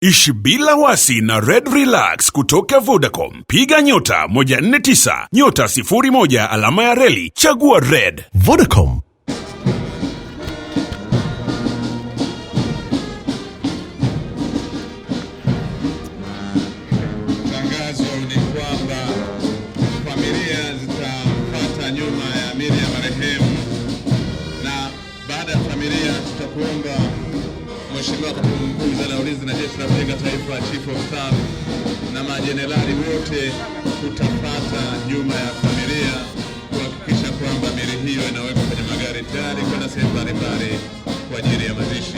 Ishi bila wasi na Red Relax kutoka Vodacom. Piga nyota 149 nyota 01 alama ya reli chagua Red. Vodacom. Tangazo ni kwamba familia zitapata nyuma ya mili ya marehemu, na baada ya familia tutakuomba Mheshimiwa Katibu Mkuu Wizara ya Ulinzi na Jeshi la Kujenga Taifa, Chief of Staff na majenerali wote, kutafata nyuma ya familia kuhakikisha kwamba mili hiyo inawekwa kwenye magari tayari kwenda sehemu mbalimbali kwa ajili ya mazishi.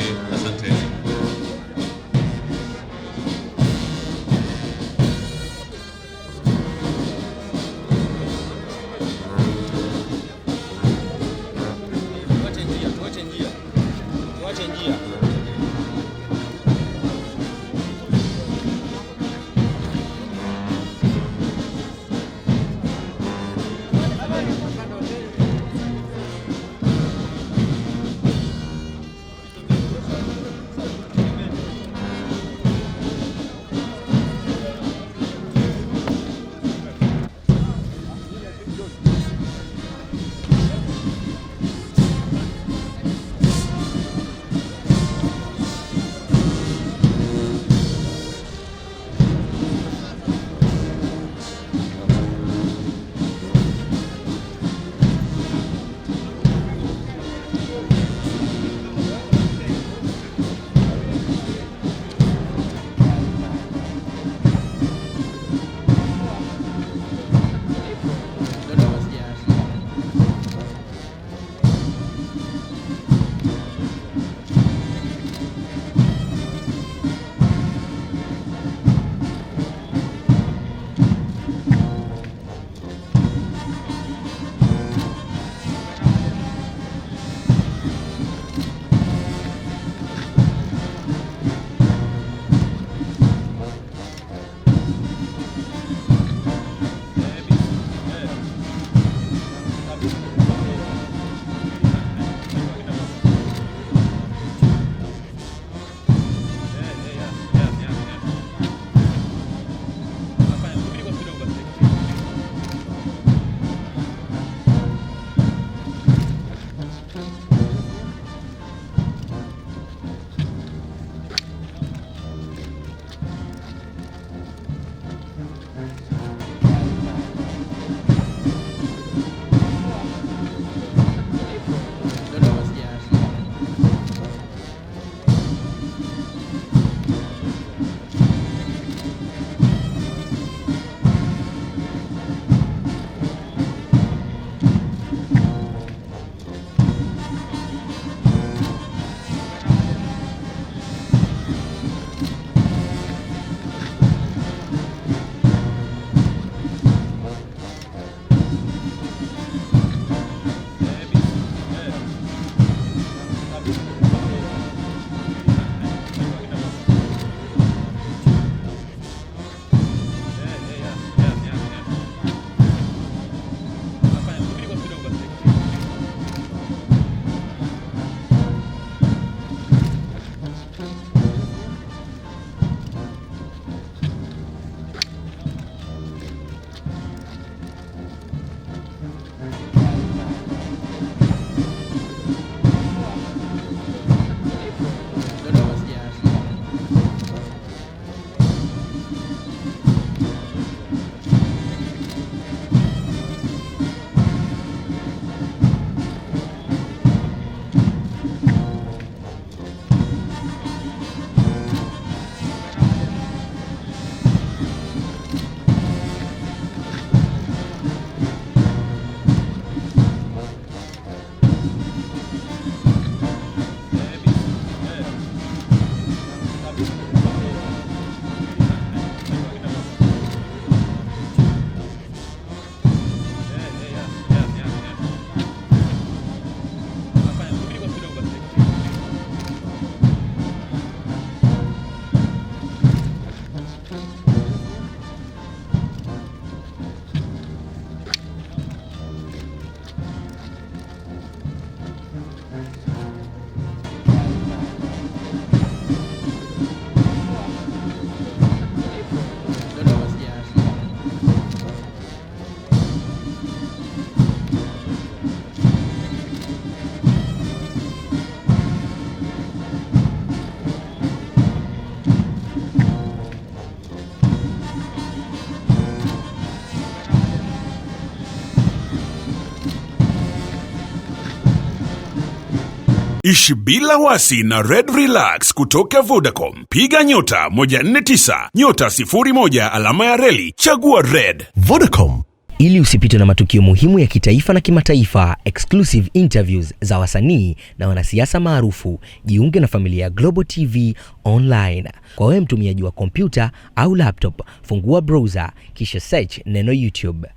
Ishi bila wasi na Red Relax kutoka Vodacom. Piga nyota 149 nyota 01 alama ya reli chagua Red. Vodacom. Ili usipitwe na matukio muhimu ya kitaifa na kimataifa, exclusive interviews za wasanii na wanasiasa maarufu, jiunge na familia ya Global TV Online. Kwa wewe mtumiaji wa kompyuta au laptop, fungua browser kisha search neno YouTube.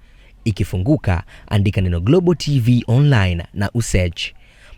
Ikifunguka, andika neno Global TV Online na usearch